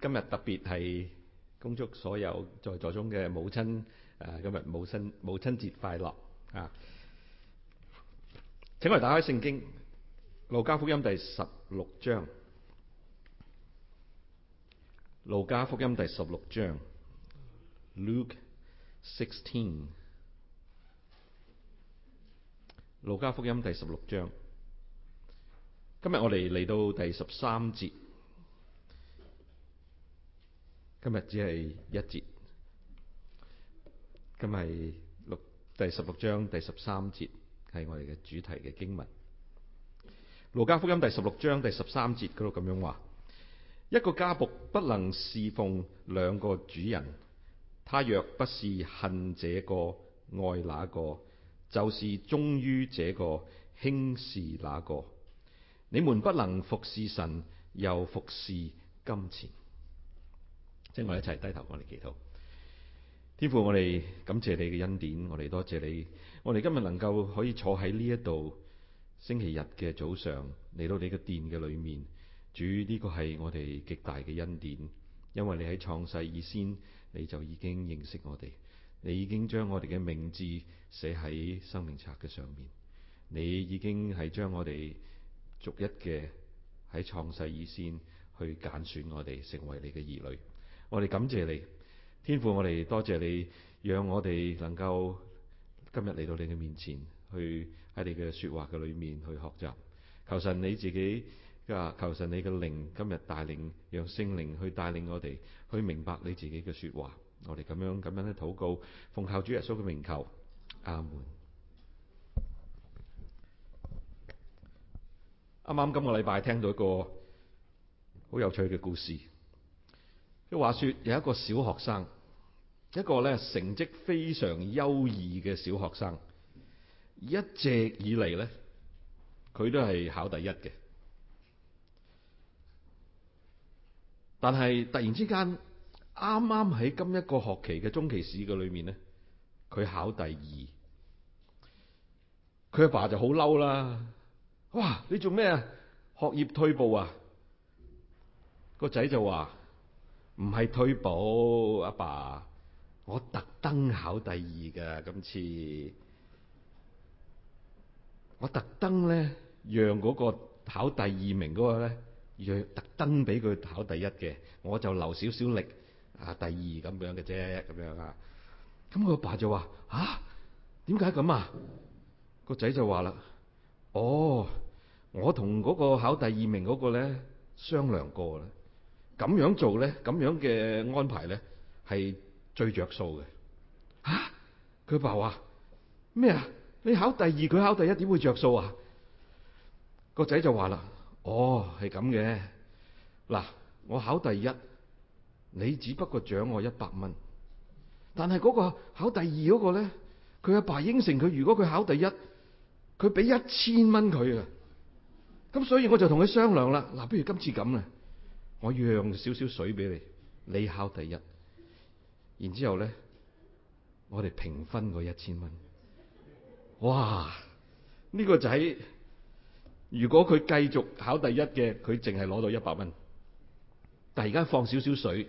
今日特別係恭祝所有在座中嘅母親，誒，今日母親母親節快樂啊！請我哋打開聖經《路加福音》第十六章，《路加福音》第十六章，《Luke 16》《路加福音》第十六章。今日我哋嚟到第十三節。今日只係一節，今日六第十六章第十三節係我哋嘅主題嘅經文。路加福音第十六章第十三節嗰度咁樣話：一個家僕不能侍奉兩個主人，他若不是恨這個愛那個，就是忠於這個輕視那個。你們不能服侍神又服侍金錢。即我一齊低頭，我哋祈禱。天父，我哋感謝你嘅恩典，我哋多謝你。我哋今日能夠可以坐喺呢一度星期日嘅早上嚟到你嘅殿嘅裏面，主，呢個係我哋極大嘅恩典，因為你喺創世以先你就已經認識我哋，你已經將我哋嘅名字寫喺生命冊嘅上面，你已經係將我哋逐一嘅喺創世以先去揀選我哋成為你嘅兒女。我哋感謝你，天父，我哋多謝你，讓我哋能夠今日嚟到你嘅面前，去喺你嘅說話嘅裏面去學習。求神你自己嘅，求神你嘅靈今日帶領，讓聖靈去帶領我哋去明白你自己嘅說話。我哋咁樣咁樣去禱告，奉靠主耶穌嘅名求，阿門。啱啱今個禮拜聽到一個好有趣嘅故事。即係話説，有一個小學生，一個咧成績非常優異嘅小學生，一直以嚟咧，佢都係考第一嘅。但係突然之間，啱啱喺今一個學期嘅中期試嘅裏面咧，佢考第二，佢阿爸就好嬲啦！哇，你做咩啊？學業退步啊！個仔就話。唔係退步，阿爸，爸，我特登考第二嘅。今次我特登咧，讓嗰個考第二名嗰個咧，讓特登俾佢考第一嘅。我就留少少力啊，第二咁樣嘅啫，咁樣，樣、啊、樣啊。咁佢阿爸就話：啊，點解咁啊？個仔就話啦：哦，我同嗰個考第二名嗰個咧商量過啦。咁樣做呢？咁樣嘅安排呢，係最着數嘅。吓，佢爸話咩啊？你考第二，佢考第一，點會着數啊？個仔就話啦：哦，係咁嘅。嗱、啊，我考第一，你只不過獎我一百蚊。但係嗰個考第二嗰、個呢，佢阿爸應承佢，如果佢考第一，佢俾一千蚊佢啊。咁所以我就同佢商量啦。嗱、啊，不如今次咁啊。我讓少少水俾你，你考第一，然之後咧，我哋平分嗰一千蚊。哇！呢個仔如果佢繼續考第一嘅，佢淨係攞到一百蚊。突然間放少少水，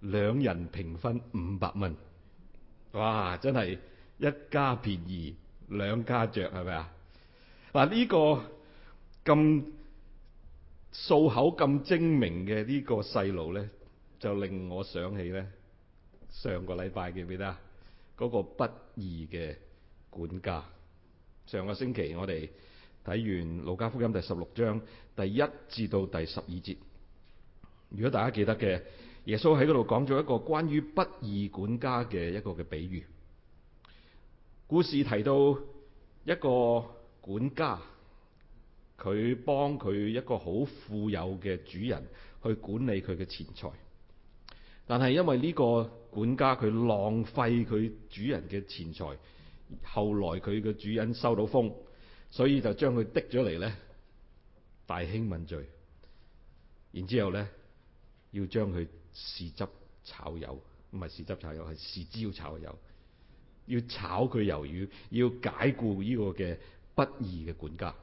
兩人平分五百蚊。哇！真係一家便宜兩家着，係咪啊？嗱，呢個咁。數口咁精明嘅呢個細路呢，就令我想起呢。上個禮拜記唔記得？嗰個不義嘅管家。上個星期我哋睇完《路加福音》第十六章第一至到第十二節。如果大家記得嘅，耶穌喺嗰度講咗一個關於不義管家嘅一個嘅比喻。故事提到一個管家。佢幫佢一個好富有嘅主人去管理佢嘅錢財，但係因為呢個管家佢浪費佢主人嘅錢財，後來佢嘅主人收到風，所以就將佢滴咗嚟咧，大興問罪，然之後咧要將佢豉汁炒魷，唔係豉汁炒魷，係豉椒炒魷，要炒佢魷魚，要解雇呢個嘅不義嘅管家。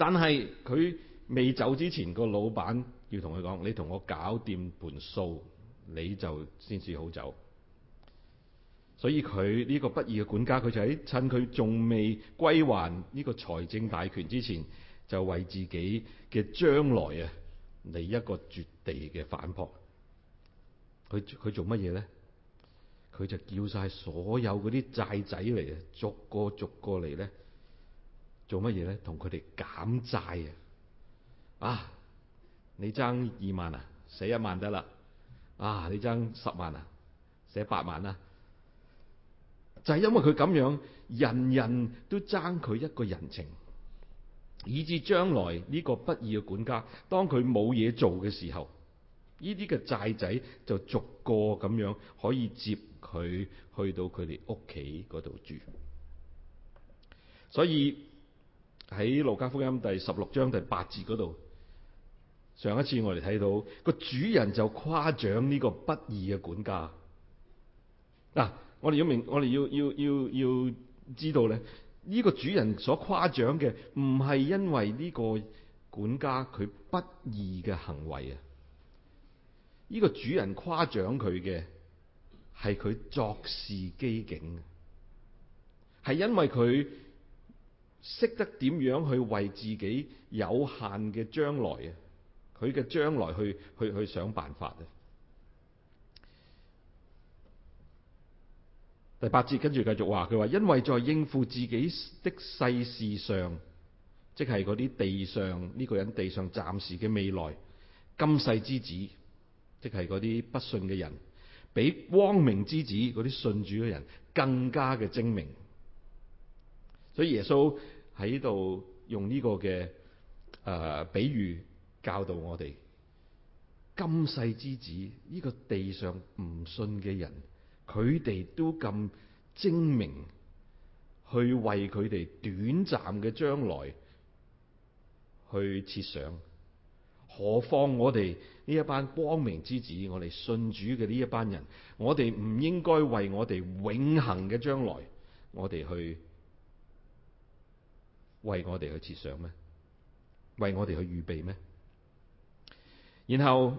但係佢未走之前，個老闆要同佢講：你同我搞掂盤數，你就先至好走。所以佢呢個不義嘅管家，佢就喺趁佢仲未歸還呢個財政大權之前，就為自己嘅將來啊嚟一個絕地嘅反撲。佢佢做乜嘢咧？佢就叫晒所有嗰啲債仔嚟嘅，逐個逐個嚟咧。做乜嘢咧？同佢哋減債啊！啊，你爭二萬啊，寫一萬得啦。啊，你爭十萬啊，寫八萬啦、啊。就係、是、因為佢咁樣，人人都爭佢一個人情，以致將來呢、這個不義嘅管家，當佢冇嘢做嘅時候，呢啲嘅債仔就逐個咁樣可以接佢去到佢哋屋企嗰度住。所以。喺《路加福音》第十六章第八節嗰度，上一次我哋睇到個主人就誇獎呢個不義嘅管家。嗱、啊，我哋要明，我哋要要要要知道咧，呢、這個主人所誇獎嘅唔係因為呢個管家佢不義嘅行為啊，呢、這個主人誇獎佢嘅係佢作事機警，係因為佢。識得點樣去為自己有限嘅將來，佢嘅將來去去去想辦法啊！第八節跟住繼續話，佢話，因為在應付自己的世事上，即係嗰啲地上呢個人地上暫時嘅未來，今世之子，即係嗰啲不信嘅人，比光明之子嗰啲信主嘅人更加嘅精明。所以耶穌喺度用呢個嘅誒、呃、比喻，教導我哋，今世之子呢，這個地上唔信嘅人，佢哋都咁精明，去為佢哋短暫嘅將來去設想。何況我哋呢一班光明之子，我哋信主嘅呢一班人，我哋唔應該為我哋永恆嘅將來，我哋去。為我哋去設想咩？為我哋去預備咩？然後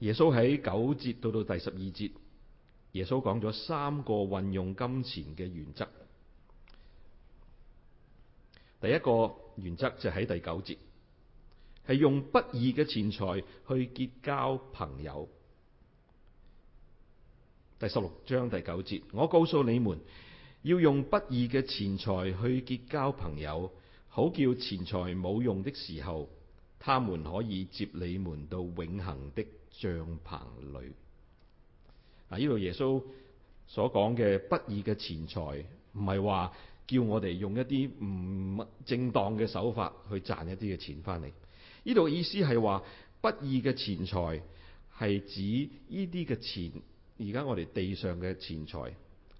耶穌喺九節到到第十二節，耶穌講咗三個運用金錢嘅原則。第一個原則就喺第九節，係用不義嘅錢財去結交朋友。第十六章第九節，我告訴你們。要用不義嘅錢財去結交朋友，好叫錢財冇用的時候，他們可以接你們到永恒的帳棚裏。嗱，呢度耶穌所講嘅不義嘅錢財，唔係話叫我哋用一啲唔正當嘅手法去賺一啲嘅錢翻嚟。呢度意思係話不義嘅錢財係指呢啲嘅錢，而家我哋地上嘅錢財。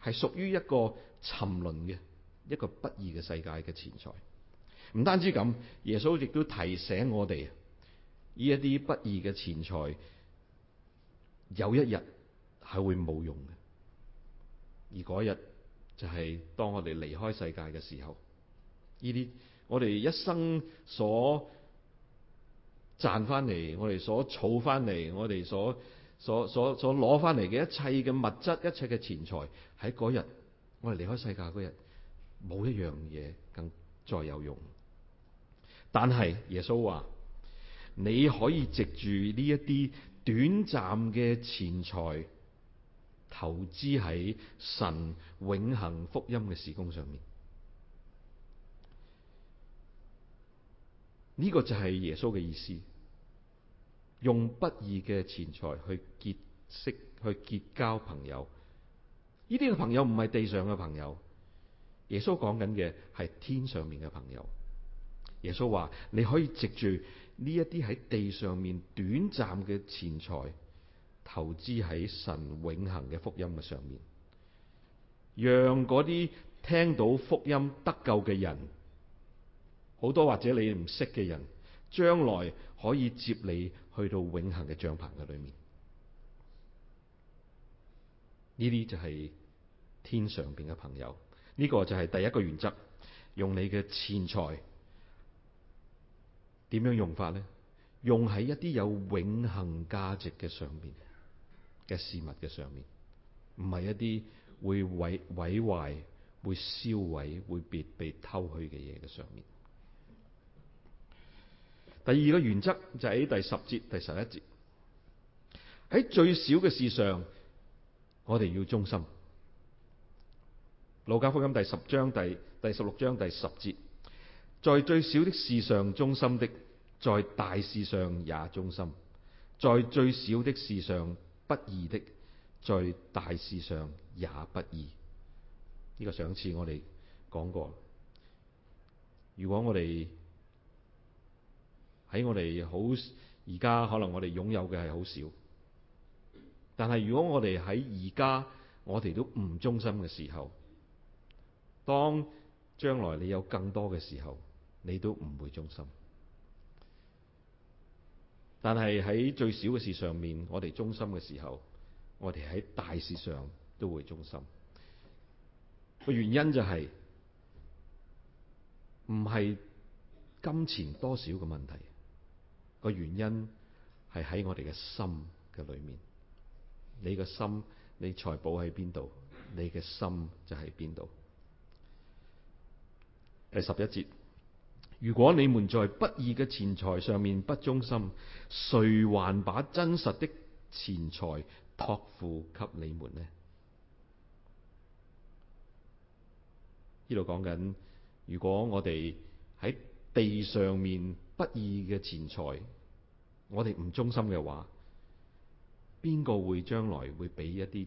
係屬於一個沉淪嘅一個不義嘅世界嘅錢財，唔單止咁，耶穌亦都提醒我哋，呢一啲不義嘅錢財有一日係會冇用嘅，而嗰日就係當我哋離開世界嘅時候，呢啲我哋一生所賺翻嚟，我哋所儲翻嚟，我哋所。所所所攞翻嚟嘅一切嘅物質，一切嘅錢財，喺嗰日我哋離開世界嗰日，冇一樣嘢更再有用。但係耶穌話：你可以藉住呢一啲短暫嘅錢財，投資喺神永恆福音嘅事工上面。呢、這個就係耶穌嘅意思。用不義嘅錢財去結識、去結交朋友，呢啲嘅朋友唔係地上嘅朋友。耶穌講緊嘅係天上面嘅朋友。耶穌話：你可以藉住呢一啲喺地上面短暫嘅錢財，投資喺神永恆嘅福音嘅上面，讓嗰啲聽到福音得救嘅人，好多或者你唔識嘅人，將來可以接你。去到永恒嘅帳棚嘅裏面，呢啲就係天上邊嘅朋友。呢、這個就係第一個原則，用你嘅錢財點樣用法呢？用喺一啲有永恒價值嘅上面嘅事物嘅上面，唔係一啲會毀毀壞、會燒毀、會被被偷去嘅嘢嘅上面。第二個原則就喺第十節、第十一節，喺最小嘅事上，我哋要忠心。路加福音第十章第第十六章第十節，在最小的事上忠心的，在大事上也忠心；在最小的事上不義的，在大事上也不義。呢、這個上次我哋講過，如果我哋。喺我哋好而家可能我哋擁有嘅係好少，但係如果我哋喺而家我哋都唔忠心嘅時候，當將來你有更多嘅時候，你都唔會忠心。但係喺最小嘅事上面，我哋忠心嘅時候，我哋喺大事上都會忠心。個原因就係唔係金錢多少嘅問題。個原因係喺我哋嘅心嘅裏面，你個心，你財寶喺邊度，你嘅心就喺邊度。第十一節，如果你們在不義嘅錢財上面不忠心，誰還把真實的錢財託付給你們呢？呢度講緊，如果我哋喺地上面不義嘅錢財，我哋唔忠心嘅話，邊個會將來會俾一啲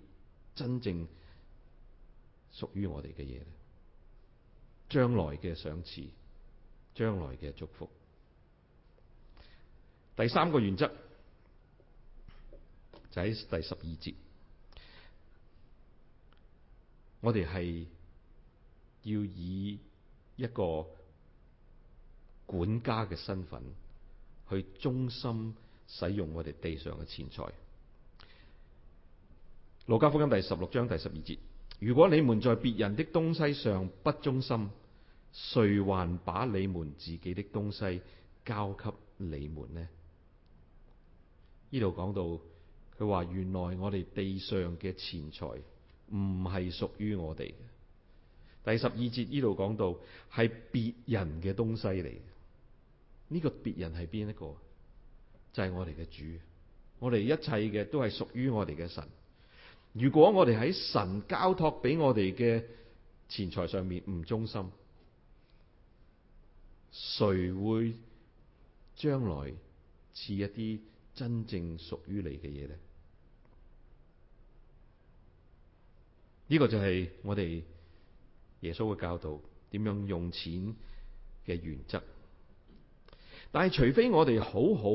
真正屬於我哋嘅嘢呢？將來嘅賞賜，將來嘅祝福。第三個原則就喺、是、第十二節，我哋係要以一個管家嘅身份去忠心使用我哋地上嘅錢財。路加福音第十六章第十二節：如果你們在別人的東西上不忠心，誰還把你們自己的東西交給你們呢？呢度講到，佢話原來我哋地上嘅錢財唔係屬於我哋嘅。第十二節呢度講到，係別人嘅東西嚟。呢個別人係邊一個？就係、是、我哋嘅主，我哋一切嘅都係屬於我哋嘅神。如果我哋喺神交託俾我哋嘅錢財上面唔忠心，誰會將來賜一啲真正屬於你嘅嘢呢？呢、這個就係我哋耶穌嘅教導，點樣用錢嘅原則。但係，除非我哋好好，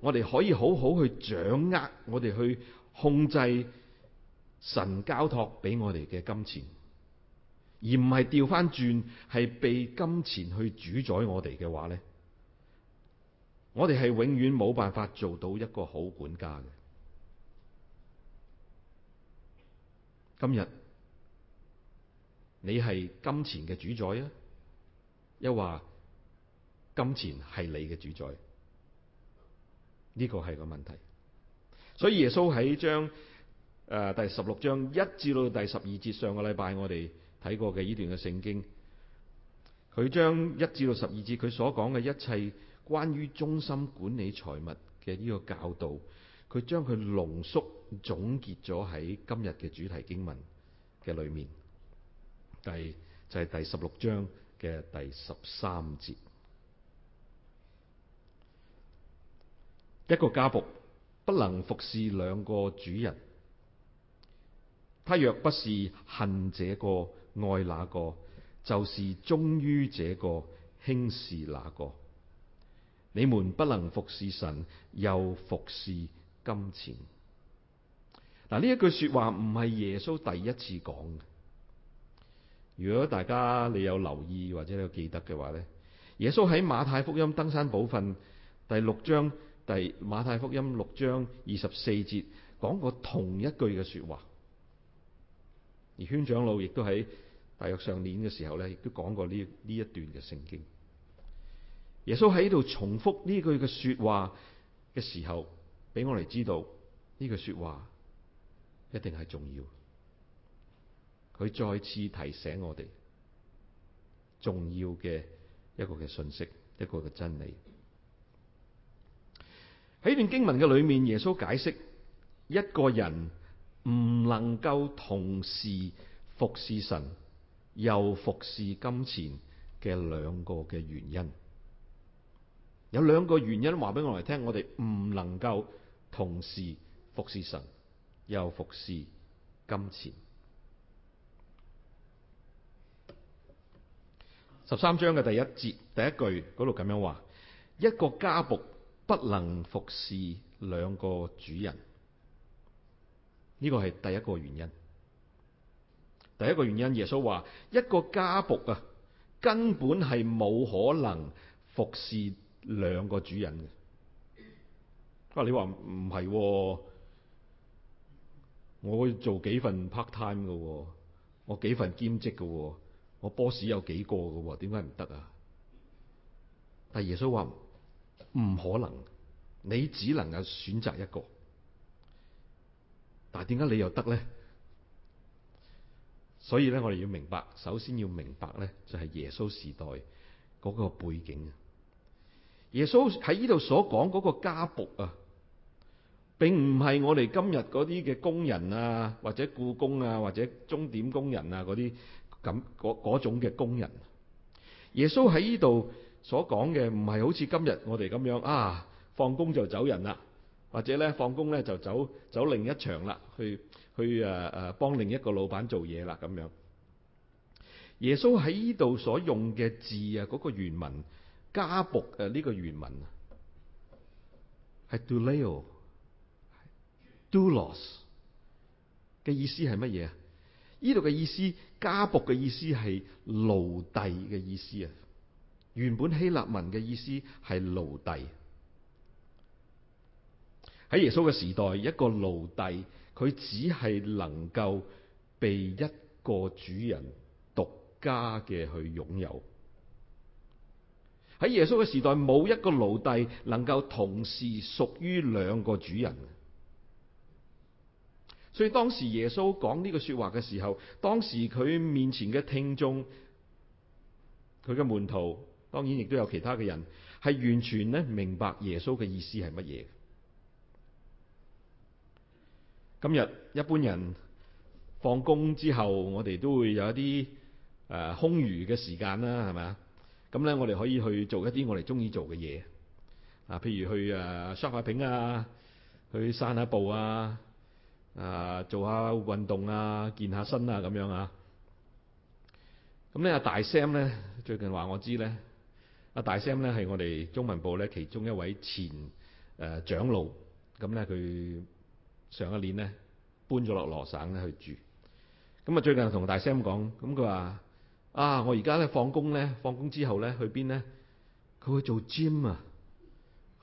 我哋可以好好去掌握，我哋去控制神交託俾我哋嘅金錢，而唔係調翻轉係被金錢去主宰我哋嘅話呢，我哋係永遠冇辦法做到一個好管家嘅。今日你係金錢嘅主宰啊，又話。金錢係你嘅主宰，呢個係個問題。所以耶穌喺將誒第十六章一至到第十二節，上個禮拜我哋睇過嘅呢段嘅聖經，佢將一至到十二節佢所講嘅一切關於忠心管理財物嘅呢個教導，佢將佢濃縮總結咗喺今日嘅主題經文嘅裏面，第就係、就係、第十六章嘅第十三節。一個家僕不能服侍兩個主人，他若不是恨這個愛那個，就是忠於這個輕視那個。你們不能服侍神，又服侍金錢。嗱，呢一句說話唔係耶穌第一次講。如果大家你有留意或者你有記得嘅話呢，耶穌喺馬太福音登山寶訓第六章。第馬太福音六章二十四節講過同一句嘅說話，而圈長老亦都喺大約上年嘅時候咧，亦都講過呢呢一段嘅聖經。耶穌喺度重複呢句嘅說話嘅時候，俾我哋知道呢句說話一定係重要。佢再次提醒我哋重要嘅一個嘅信息，一個嘅真理。喺呢段經文嘅裏面，耶穌解釋一個人唔能夠同時服侍神又服侍金錢嘅兩個嘅原因，有兩個原因話俾我哋聽，我哋唔能夠同時服侍神又服侍金錢。十三章嘅第一節第一句度咁樣話：一個家僕。不能服侍兩個主人，呢個係第一個原因。第一個原因，耶穌話：一個家僕啊，根本係冇可能服侍兩個主人嘅。啊，你話唔係？我做幾份 part time 嘅，我幾份兼職嘅，我 boss 有幾個嘅，點解唔得啊？但耶穌話。唔可能，你只能夠選擇一個。但係點解你又得呢？所以咧，我哋要明白，首先要明白呢，就係耶穌時代嗰個背景。耶穌喺呢度所講嗰個家僕啊，並唔係我哋今日嗰啲嘅工人啊，或者僱工啊，或者鐘點工人啊嗰啲咁嗰嗰種嘅工人。耶穌喺呢度。所講嘅唔係好似今日我哋咁樣啊，放工就走人啦，或者咧放工咧就走走另一場啦，去去誒誒、啊、幫另一個老闆做嘢啦咁樣。耶穌喺呢度所用嘅字啊，嗰個原文「家僕」誒呢個原文啊，係 doulos、doulos 嘅意思係乜嘢啊？呢度嘅意思「家僕」嘅意思係奴隸嘅意思啊。原本希臘文嘅意思係奴隸。喺耶穌嘅時代，一個奴隸佢只係能夠被一個主人獨家嘅去擁有。喺耶穌嘅時代，冇一個奴隸能夠同時屬於兩個主人。所以當時耶穌講呢個說話嘅時候，當時佢面前嘅聽眾，佢嘅門徒。當然，亦都有其他嘅人係完全咧明白耶穌嘅意思係乜嘢。今日一般人放工之後，我哋都會有一啲誒空餘嘅時間啦，係咪啊？咁咧，我哋可以去做一啲我哋鍾意做嘅嘢啊，譬如去誒 shopping 啊，pping，去散下步啊，啊，做下運動啊，健下身啊，咁樣啊。咁咧，阿大 Sam 咧最近話我知咧。啊大 Sam 咧係我哋中文部咧其中一位前誒長老，咁咧佢上一年咧搬咗落羅省咧去住，咁啊最近同大 Sam 講，咁佢話：啊我而家咧放工咧，放工之後咧去邊咧？佢會做 gym 啊，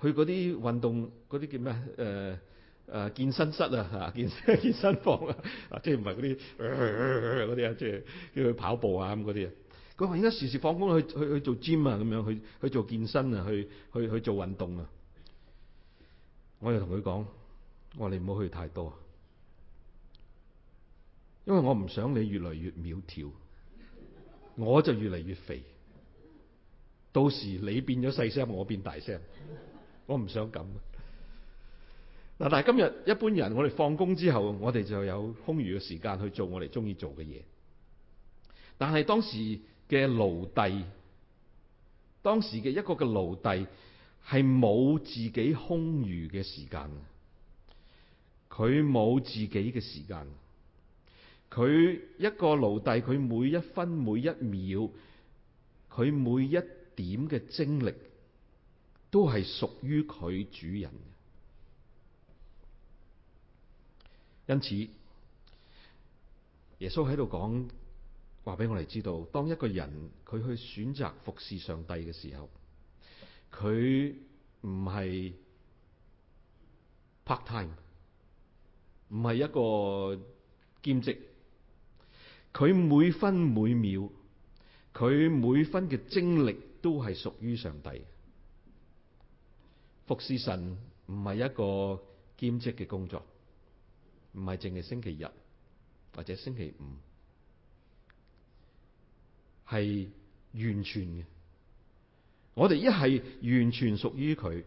去嗰啲運動嗰啲叫咩誒誒健身室啊，健健身房啊，即係唔係嗰啲嗰啲啊，即係要去跑步啊咁嗰啲啊。佢話：應該時時放工去去去做 gym 啊，咁樣去去做健身啊，去去去做運動啊。我又同佢講：我話你唔好去太多，啊，因為我唔想你越嚟越苗條，我就越嚟越肥。到時你變咗細聲，我變大聲，我唔想咁。嗱，但係今日一般人，我哋放工之後，我哋就有空餘嘅時間去做我哋中意做嘅嘢。但係當時，嘅奴隸，當時嘅一個嘅奴隸係冇自己空餘嘅時間，佢冇自己嘅時間，佢一個奴隸，佢每一分每一秒，佢每一點嘅精力都係屬於佢主人嘅。因此耶穌喺度講。話俾我哋知道，當一個人佢去選擇服侍上帝嘅時候，佢唔係 part time，唔係一個兼職，佢每分每秒，佢每分嘅精力都係屬於上帝。服侍神唔係一個兼職嘅工作，唔係淨係星期日或者星期五。係完全嘅，我哋一係完全屬於佢，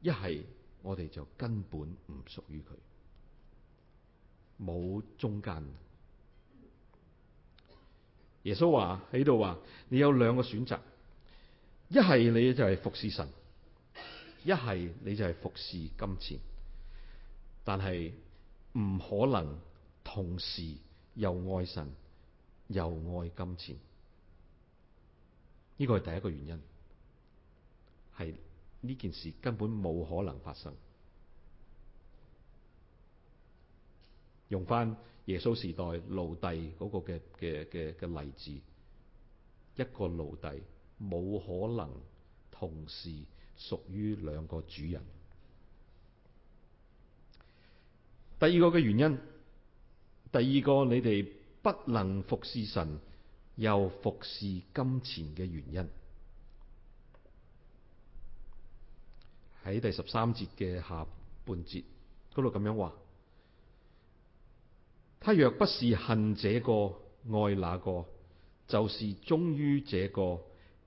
一係我哋就根本唔屬於佢，冇中間。耶穌話喺度話：你有兩個選擇，一係你就係服侍神，一係你就係服侍金錢，但係唔可能同時又愛神。又愛金錢，呢個係第一個原因，係呢件事根本冇可能發生。用翻耶穌時代奴隸嗰個嘅嘅嘅嘅例子，一個奴隸冇可能同時屬於兩個主人。第二個嘅原因，第二個你哋。不能服侍神又服侍金錢嘅原因，喺第十三節嘅下半節嗰度咁樣話：他若不是恨這個愛那個，就是忠於這個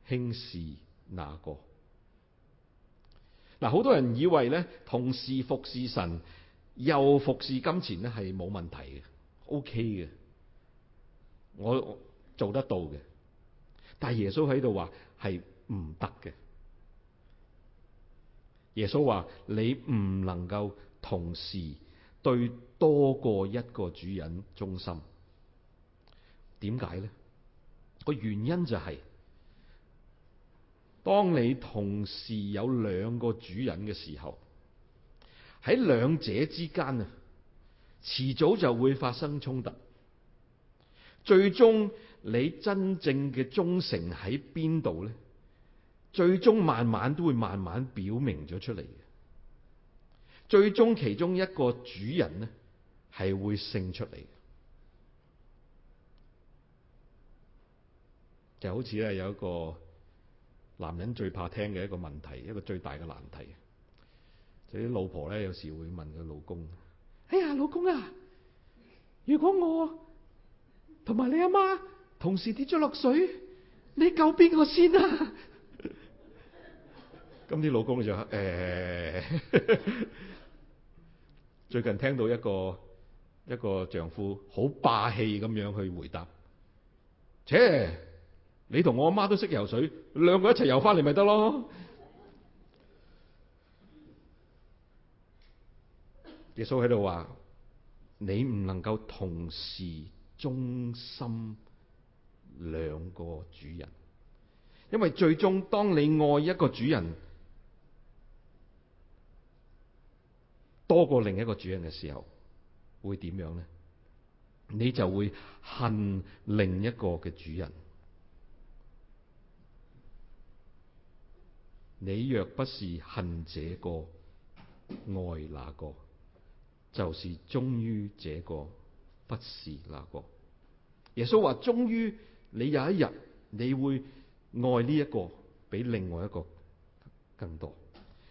輕視那個。嗱，好多人以為呢，同時服侍神又服侍金錢呢係冇問題嘅，O K 嘅。OK 我做得到嘅，但係耶穌喺度話係唔得嘅。耶穌話，你唔能夠同時對多過一個主人忠心。點解呢？個原因就係、是、當你同時有兩個主人嘅時候，喺兩者之間啊，遲早就會發生衝突。最終你真正嘅忠誠喺邊度呢？最終慢慢都會慢慢表明咗出嚟嘅。最終其中一個主人呢，係會勝出嚟嘅。就好似咧有一個男人最怕聽嘅一個問題，一個最大嘅難題。就啲老婆呢，有時會問個老公：哎呀，老公啊，如果我……同埋你阿媽同時跌咗落水，你救邊個先啊？咁啲老公就誒，最近聽到一個一個丈夫好霸氣咁樣去回答：，切， 你同我阿媽都識游水，兩個一齊游翻嚟咪得咯？耶穌喺度話：，你唔能夠同時忠心兩個主人，因為最終當你愛一個主人多過另一個主人嘅時候，會點樣呢？你就會恨另一個嘅主人。你若不是恨這個愛那個，就是忠於這個，不是那個，耶穌話：終於你有一日你會愛呢一個比另外一個更多，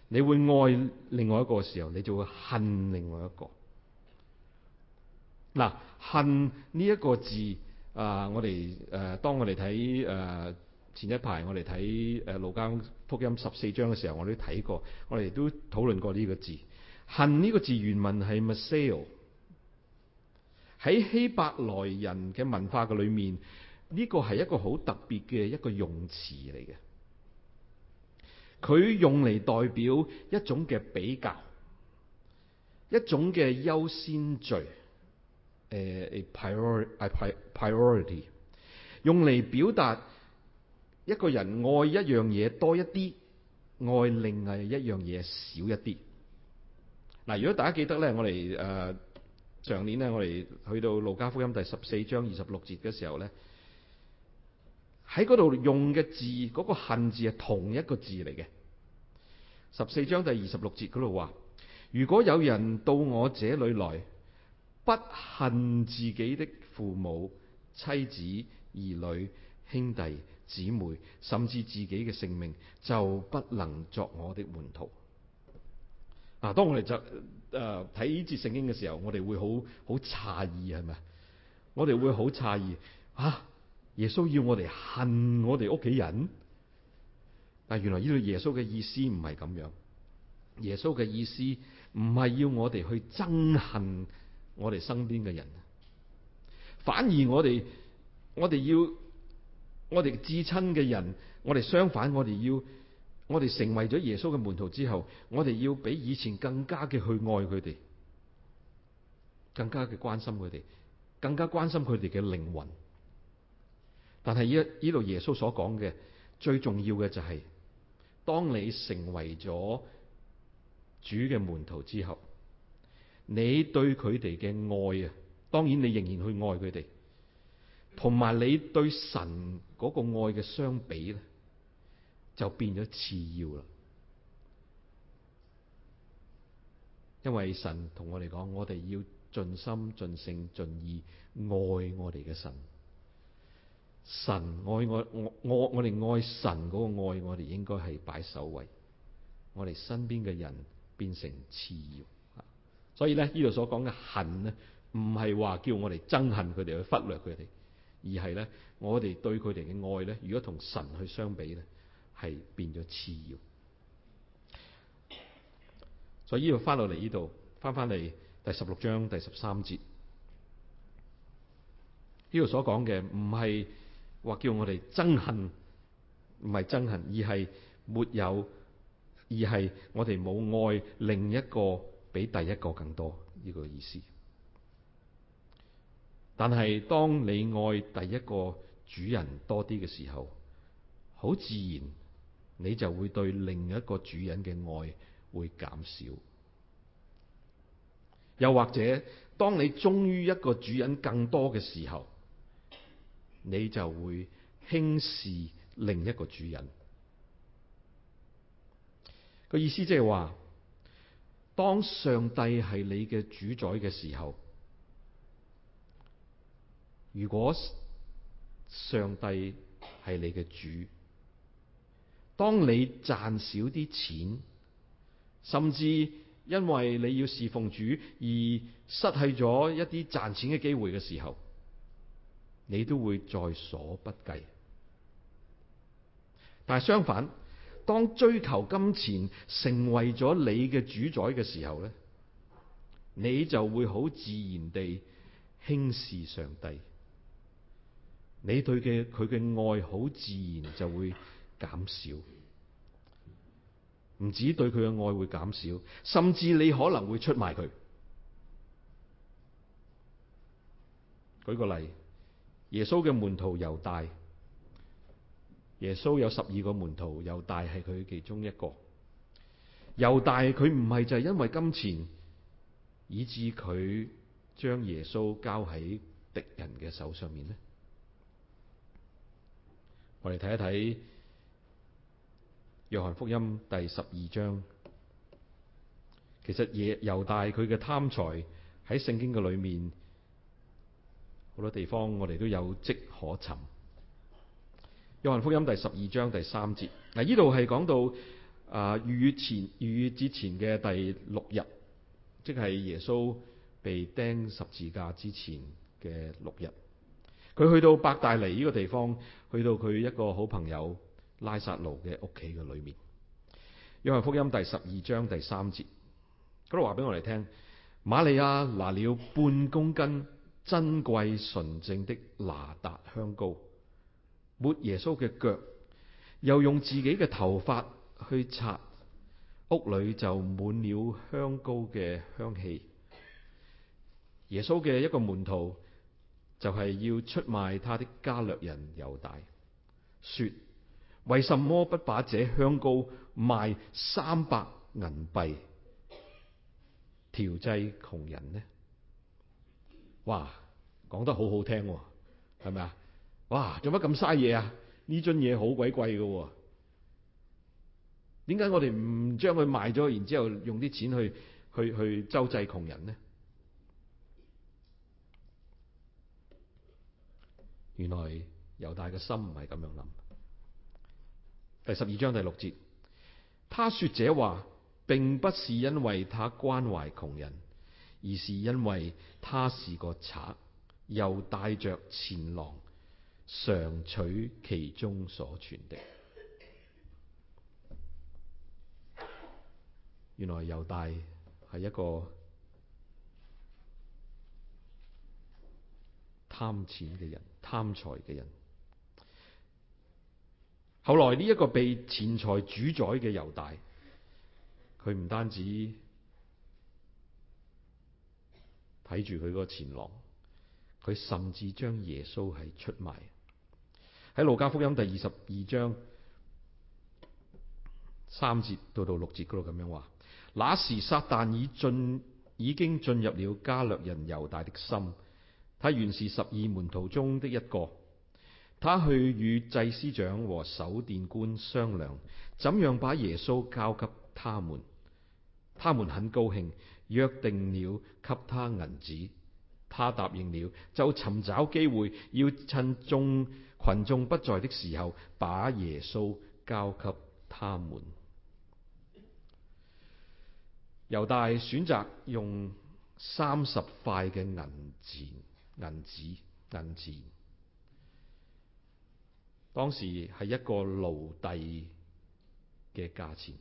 你會愛另外一個嘅時候，你就會恨另外一個。嗱，恨呢一個字啊、呃，我哋誒、呃，當我哋睇誒前一排我哋睇誒《路加福音》十四章嘅時候，我都睇過，我哋都討論過呢個字。恨呢個字原文係 m i s a 喺希伯來人嘅文化嘅裏面，呢個係一個好特別嘅一個用詞嚟嘅。佢用嚟代表一種嘅比較，一種嘅優先序，誒 priority, priority，用嚟表達一個人愛一樣嘢多一啲，愛另外一樣嘢少一啲。嗱，如果大家記得咧，我哋誒。呃上年呢，我哋去到路加福音第十四章二十六節嘅時候呢，喺嗰度用嘅字，嗰、那個恨字係同一個字嚟嘅。十四章第二十六節嗰度話：，如果有人到我這裏來，不恨自己的父母、妻子、兒女、兄弟、姊妹，甚至自己嘅性命，就不能作我的門徒。嗱，當我哋就。誒，睇呢節聖經嘅時候，我哋會好好詫異，係咪？我哋會好詫異，吓、啊！耶穌要我哋恨我哋屋企人，但原來呢度耶穌嘅意思唔係咁樣。耶穌嘅意思唔係要我哋去憎恨我哋身邊嘅人，反而我哋我哋要我哋至親嘅人，我哋相反，我哋要。我哋成為咗耶穌嘅門徒之後，我哋要比以前更加嘅去愛佢哋，更加嘅關心佢哋，更加關心佢哋嘅靈魂。但係依依度耶穌所講嘅最重要嘅就係，當你成為咗主嘅門徒之後，你對佢哋嘅愛啊，當然你仍然去愛佢哋，同埋你對神嗰個愛嘅相比咧。就變咗次要啦，因為神同我哋講，我哋要盡心、盡性、盡意愛我哋嘅神。神愛，愛我，我我我哋愛神嗰個愛，我哋應該係擺首位。我哋身邊嘅人變成次要，所以咧呢度所講嘅恨咧，唔係話叫我哋憎恨佢哋去忽略佢哋，而係咧我哋對佢哋嘅愛咧，如果同神去相比咧。係變咗次要，所以呢度翻落嚟呢度，翻翻嚟第十六章第十三節，呢度所講嘅唔係話叫我哋憎恨，唔係憎恨，而係沒有，而係我哋冇愛另一個比第一個更多呢個意思。但係當你愛第一個主人多啲嘅時候，好自然。你就會對另一個主人嘅愛會減少，又或者當你忠於一個主人更多嘅時候，你就會輕視另一個主人。個意思即係話，當上帝係你嘅主宰嘅時候，如果上帝係你嘅主。當你賺少啲錢，甚至因為你要侍奉主而失去咗一啲賺錢嘅機會嘅時候，你都會在所不計。但相反，當追求金錢成為咗你嘅主宰嘅時候呢，你就會好自然地輕視上帝，你對嘅佢嘅愛，好自然就會。減少，唔止對佢嘅愛會減少，甚至你可能會出賣佢。舉個例，耶穌嘅門徒猶大，耶穌有十二個門徒，猶大係佢其中一個。猶大佢唔係就係因為金錢，以至佢將耶穌交喺敵人嘅手上面呢？我哋睇一睇。約翰福音第十二章，其實耶猶大佢嘅貪財喺聖經嘅裏面好多地方我哋都有跡可尋。約翰福音第十二章第三節，嗱呢度係講到啊逾越前逾越節前嘅第六日，即係耶穌被釘十字架之前嘅六日，佢去到伯大尼呢個地方，去到佢一個好朋友。拉撒路嘅屋企嘅裏面，約翰福音第十二章第三節，佢話俾我哋聽：瑪利亞拿了半公斤珍貴純正的拿達香膏，抹耶穌嘅腳，又用自己嘅頭髮去擦，屋裏就滿了香膏嘅香氣。耶穌嘅一個門徒就係要出賣他的加略人猶大，說。為什麼不把這香膏賣三百銀幣，周濟窮人呢？哇，講得好好聽，係咪啊？哇，做乜咁嘥嘢啊？呢樽嘢好鬼貴噶，點解我哋唔將佢賣咗，然之後用啲錢去去去周濟窮人呢？原來猶大嘅心唔係咁樣諗。第十二章第六節，他說這話並不是因為他關懷窮人，而是因為他是個賊，又帶着錢囊，常取其中所存的。原來猶大係一個貪錢嘅人，貪財嘅人。後來呢一個被錢財主宰嘅猶大，佢唔單止睇住佢嗰錢囊，佢甚至將耶穌係出賣。喺路加福音第二十二章三節到到六節嗰度咁樣話：那時撒旦已進，已經進入了加略人猶大的心，他原是十二門徒中的一個。他去與祭司長和守殿官商量，怎樣把耶穌交給他們。他們很高興，約定了給他銀子。他答應了，就尋找機會，要趁眾群眾不在的時候，把耶穌交給他們。猶大選擇用三十塊嘅銀子，銀子，銀子。銀子當時係一個奴隸嘅價錢，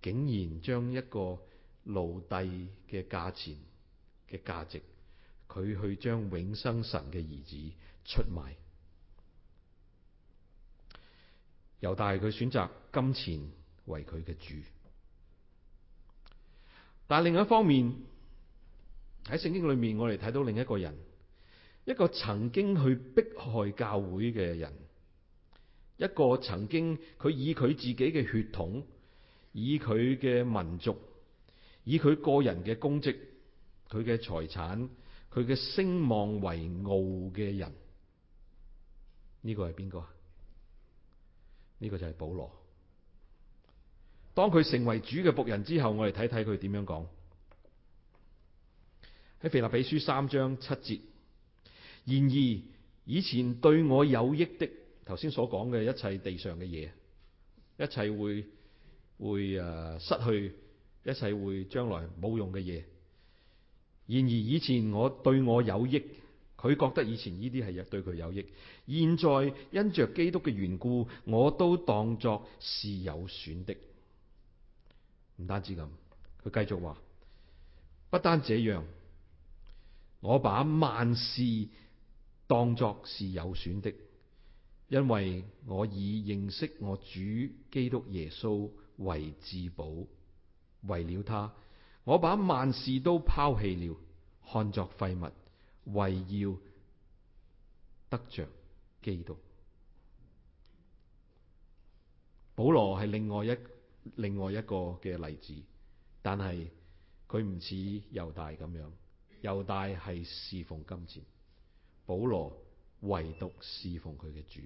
竟然將一個奴隸嘅價錢嘅價值，佢去將永生神嘅兒子出賣，猶大係佢選擇金錢為佢嘅主。但另一方面喺聖經裏面，我哋睇到另一個人。一個曾經去迫害教會嘅人，一個曾經佢以佢自己嘅血統、以佢嘅民族、以佢個人嘅功績、佢嘅財產、佢嘅聲望為傲嘅人，呢個係邊個？呢個就係保羅。當佢成為主嘅僕人之後，我哋睇睇佢點樣講。喺腓立比書三章七節。然而以前對我有益的，頭先所講嘅一切地上嘅嘢，一切會會、呃、失去，一切會將來冇用嘅嘢。然而以前我對我有益，佢覺得以前呢啲係對佢有益。現在因着基督嘅緣故，我都當作是有損的。唔單止咁，佢繼續話：不單這樣，我把萬事。當作是有損的，因為我已認識我主基督耶穌為至寶，為了他，我把萬事都拋棄了，看作廢物，為要得着基督。保羅係另外一另外一個嘅例子，但係佢唔似猶大咁樣，猶大係侍奉金錢。保羅唯獨侍奉佢嘅主，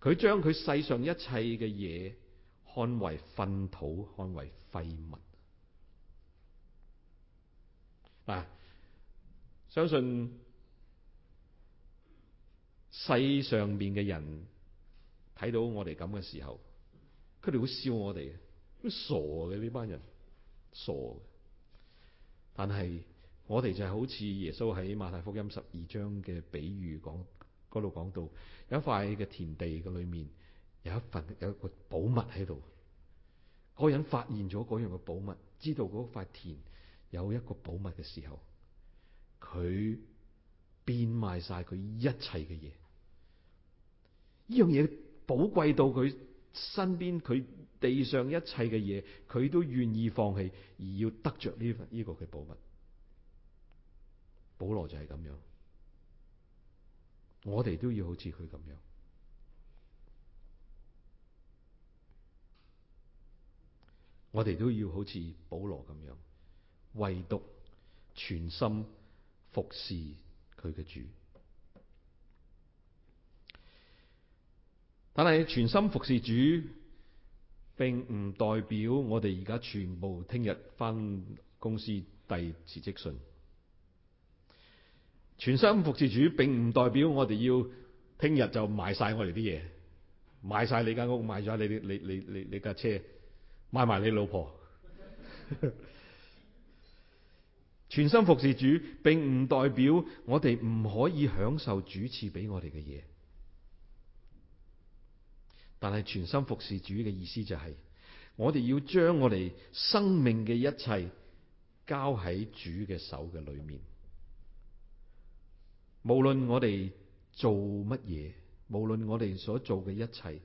佢將佢世上一切嘅嘢看為糞土，看為廢物。嗱、啊，相信世上邊嘅人睇到我哋咁嘅時候，佢哋會笑我哋嘅，傻嘅呢班人，傻嘅。但係。我哋就係好似耶穌喺馬太福音十二章嘅比喻講度講到，有一塊嘅田地嘅裏面有一份有一個寶物喺度。個人發現咗樣嘅寶物，知道塊田有一個寶物嘅時候，佢變賣晒佢一切嘅嘢。呢樣嘢寶貴到佢身邊佢地上一切嘅嘢，佢都願意放棄而要得着呢份呢個嘅寶物。保羅就係咁樣，我哋都要好似佢咁樣，我哋都要好似保羅咁樣，唯獨全心服侍佢嘅主。但係全心服侍主，並唔代表我哋而家全部聽日返公司遞辭職信。全心服侍主，並唔代表我哋要聽日就賣晒我哋啲嘢，賣晒你間屋，賣咗你你你你你架車，買埋你老婆。 全心服侍主，並唔代表我哋唔可以享受主賜俾我哋嘅嘢，但係全心服侍主嘅意思就係、是，我哋要將我哋生命嘅一切交喺主嘅手嘅裏面。無論我哋做乜嘢，無論我哋所做嘅一切，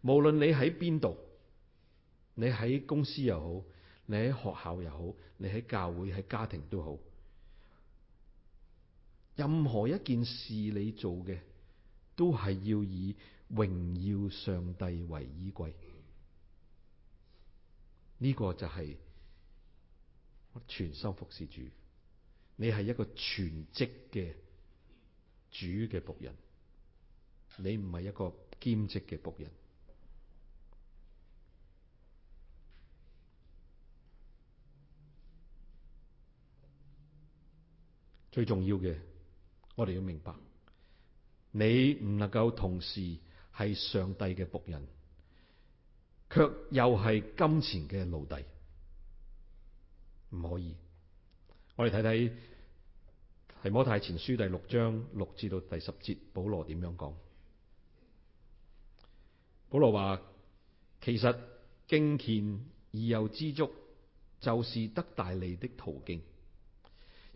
無論你喺邊度，你喺公司又好，你喺學校又好，你喺教會、喺家庭都好，任何一件事你做嘅，都係要以榮耀上帝為依歸。呢個就係我全心服侍主，你係一個全職嘅。主嘅僕人，你唔係一個兼職嘅僕人。最重要嘅，我哋要明白，你唔能夠同時係上帝嘅僕人，卻又係金錢嘅奴隸，唔可以。我哋睇睇。提摩太前書第六章六至到第十節，保羅點樣講？保羅話，其實敬虔而又知足，就是得大利的途徑。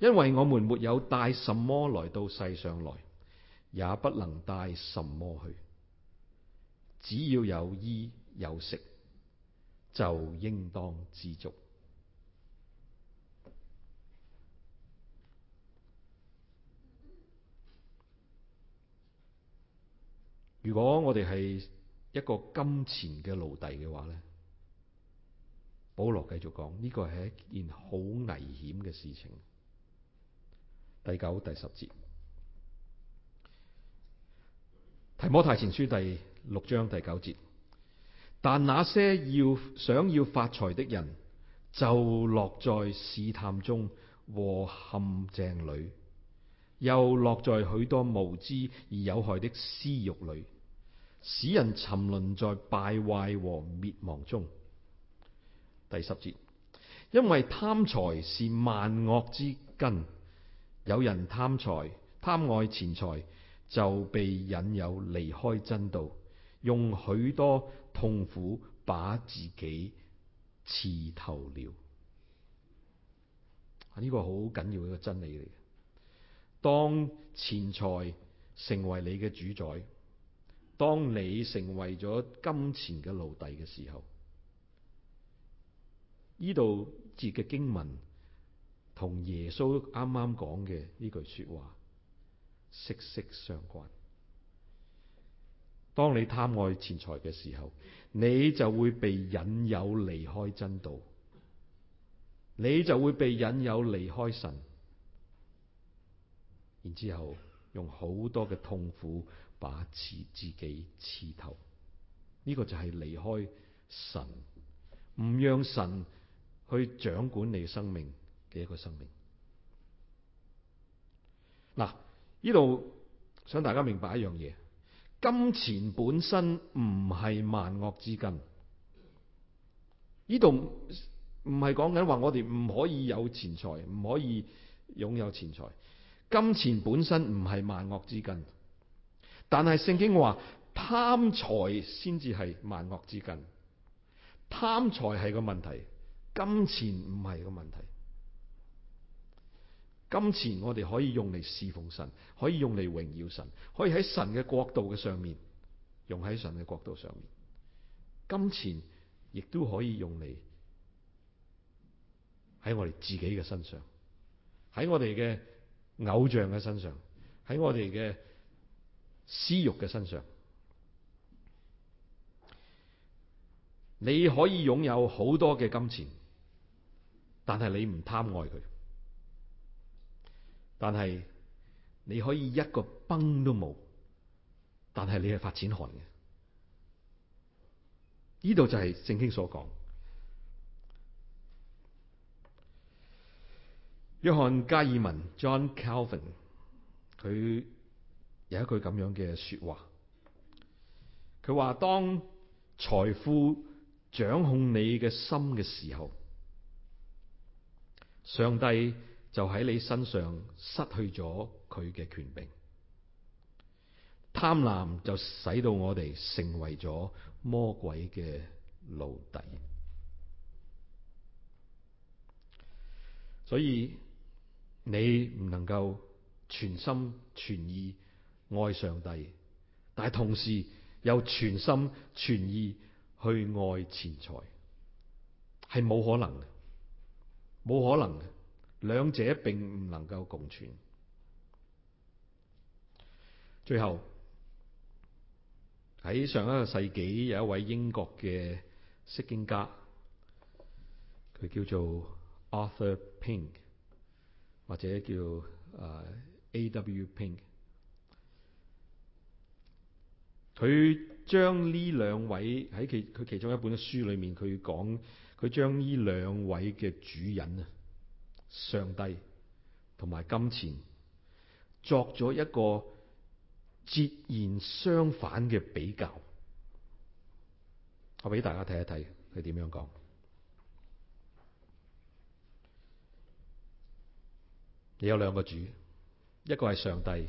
因為我們沒有帶什麼來到世上來，也不能帶什麼去，只要有衣有食，就應當知足。如果我哋係一個金錢嘅奴隸嘅話呢，保羅繼續講，呢個係一件好危險嘅事情。第九、第十節，提摩太前書第六章第九節，但那些要想要發財的人，就落在試探中和陷阱裡，又落在許多無知而有害的私慾裡。使人沉淪在敗壞和滅亡中。第十節，因為貪財是萬惡之根。有人貪財、貪愛錢財，就被引誘離開真道，用許多痛苦把自己刺透了。呢個好緊要一個真理嚟嘅。當錢財成為你嘅主宰，當你成為咗金錢嘅奴隸嘅時候，呢度節嘅經文同耶穌啱啱講嘅呢句說話息息相關。當你貪愛錢財嘅時候，你就會被引誘離開真道，你就會被引誘離開神，然之後用好多嘅痛苦。把持自己刺透，呢個就係離開神，唔讓神去掌管你生命嘅一個生命。嗱，呢度想大家明白一樣嘢：金錢本身唔係萬惡之根。呢度唔係講緊話，我哋唔可以有錢財，唔可以擁有錢財。金錢本身唔係萬惡之根。但係聖經話，貪財先至係萬惡之根。貪財係個問題，金錢唔係個問題。金錢我哋可以用嚟侍奉神，可以用嚟榮耀神，可以喺神嘅國度嘅上面，用喺神嘅國度上面。金錢亦都可以用嚟喺我哋自己嘅身上，喺我哋嘅偶像嘅身上，喺我哋嘅。私欲嘅身上，你可以擁有好多嘅金錢，但係你唔貪愛佢，但係你可以一個崩都冇，但係你係發展汗嘅。呢度就係聖經所講。約翰加爾文 （John Calvin） 佢。有一句咁樣嘅說話，佢話：當財富掌控你嘅心嘅時候，上帝就喺你身上失去咗佢嘅權柄，貪婪就使到我哋成為咗魔鬼嘅奴隸。所以你唔能夠全心全意。愛上帝，但係同時又全心全意去愛錢財，係冇可能嘅，冇可能嘅，兩者並唔能夠共存。最後喺上一個世紀有一位英國嘅釋經家，佢叫做 Arthur Pink 或者叫誒 A.W. Pink。佢將呢兩位喺其佢其中一本書裏面，佢講，佢將呢兩位嘅主人啊，上帝同埋金錢作咗一個截然相反嘅比較。我俾大家睇一睇佢點樣講。你有兩個主，一個係上帝，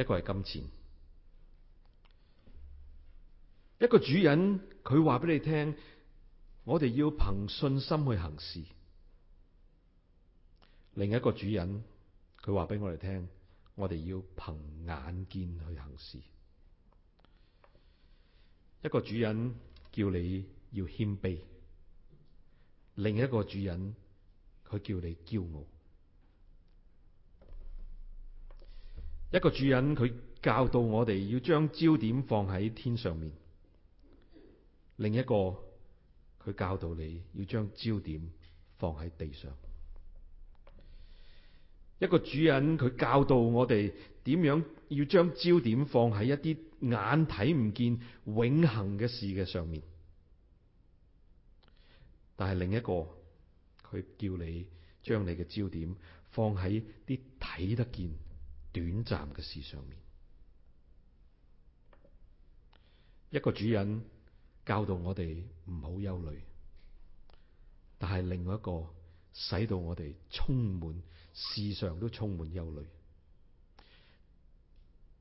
一個係金錢。一個主人佢話俾你聽，我哋要憑信心去行事；另一個主人佢話俾我哋聽，我哋要憑眼見去行事。一個主人叫你要謙卑，另一個主人佢叫你驕傲。一個主人佢教導我哋要將焦點放喺天上面。另一個佢教導你要將焦點放喺地上，一個主人佢教導我哋點樣要將焦點放喺一啲眼睇唔見永恒嘅事嘅上面，但係另一個佢叫你將你嘅焦點放喺啲睇得見短暫嘅事上面，一個主人。教導我哋唔好憂慮，但係另外一個使到我哋充滿，時常都充滿憂慮，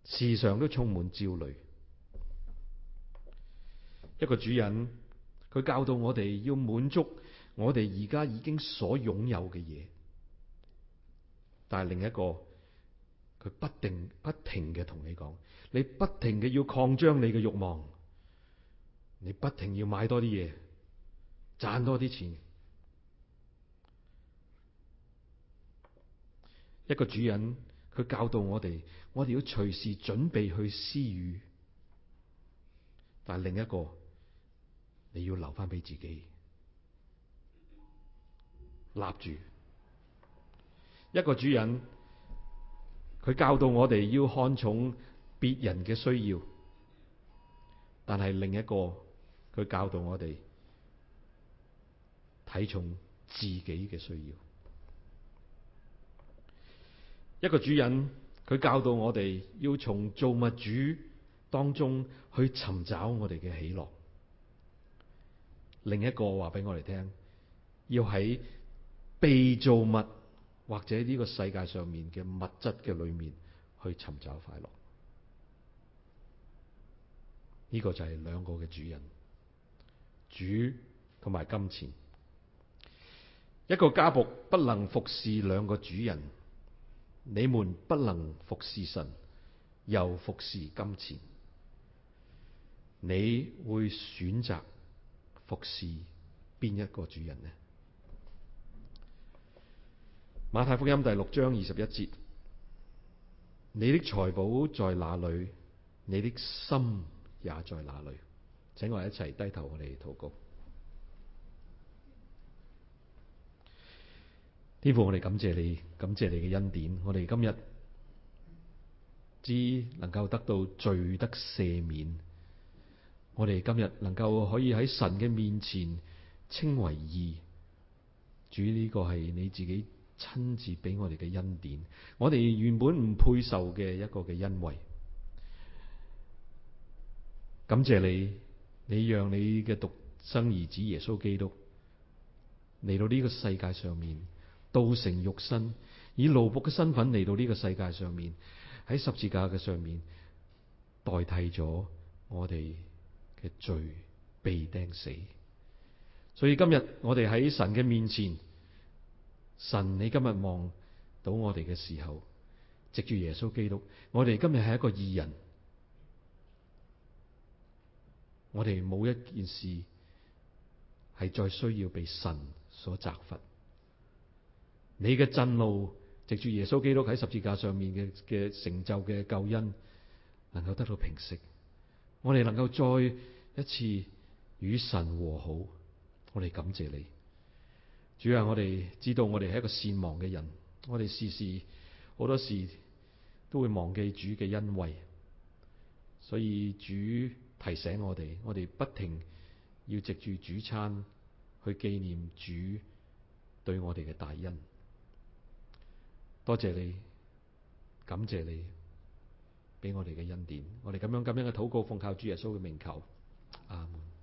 時常都充滿焦慮。一個主人佢教導我哋要滿足我哋而家已經所擁有嘅嘢，但係另一個佢不停不停嘅同你講，你不停嘅要擴張你嘅欲望。你不停要買多啲嘢，賺多啲錢。一個主人佢教導我哋，我哋要隨時準備去施予；但係另一個，你要留翻俾自己，立住。一個主人佢教導我哋要看重別人嘅需要，但係另一個。佢教導我哋睇重自己嘅需要。一個主人，佢教導我哋要從造物主當中去尋找我哋嘅喜樂。另一個話俾我哋聽，要喺被造物或者呢個世界上面嘅物質嘅裏面去尋找快樂。呢個就係兩個嘅主人。主同埋金錢，一個家僕不能服侍兩個主人，你們不能服侍神，又服侍金錢，你會選擇服侍邊一個主人呢？馬太福音第六章二十一節，你的財寶在哪裏，你的心也在哪裏。請我一齊低頭，我哋禱告。天父，我哋感謝你，感謝你嘅恩典。我哋今日只能夠得到罪得赦免，我哋今日能夠可以喺神嘅面前稱為義。主，呢個係你自己親自俾我哋嘅恩典，我哋原本唔配受嘅一個嘅恩惠。感謝你。你讓你嘅獨生兒子耶穌基督嚟到呢個世界上面，道成肉身，以奴僕嘅身份嚟到呢個世界上面，喺十字架嘅上面代替咗我哋嘅罪，被釘死。所以今日我哋喺神嘅面前，神你今日望到我哋嘅時候，藉住耶穌基督，我哋今日係一個義人。我哋冇一件事係再需要被神所責罰。你嘅震怒藉住耶穌基督喺十字架上面嘅嘅成就嘅救恩，能夠得到平息。我哋能夠再一次與神和好。我哋感謝你，主啊！我哋知道我哋係一個善忘嘅人，我哋時時好多時都會忘記主嘅恩惠，所以主。提醒我哋，我哋不停要藉住主餐去紀念主對我哋嘅大恩。多謝你，感謝你俾我哋嘅恩典。我哋咁樣咁樣嘅禱告，奉靠主耶穌嘅名求，阿門。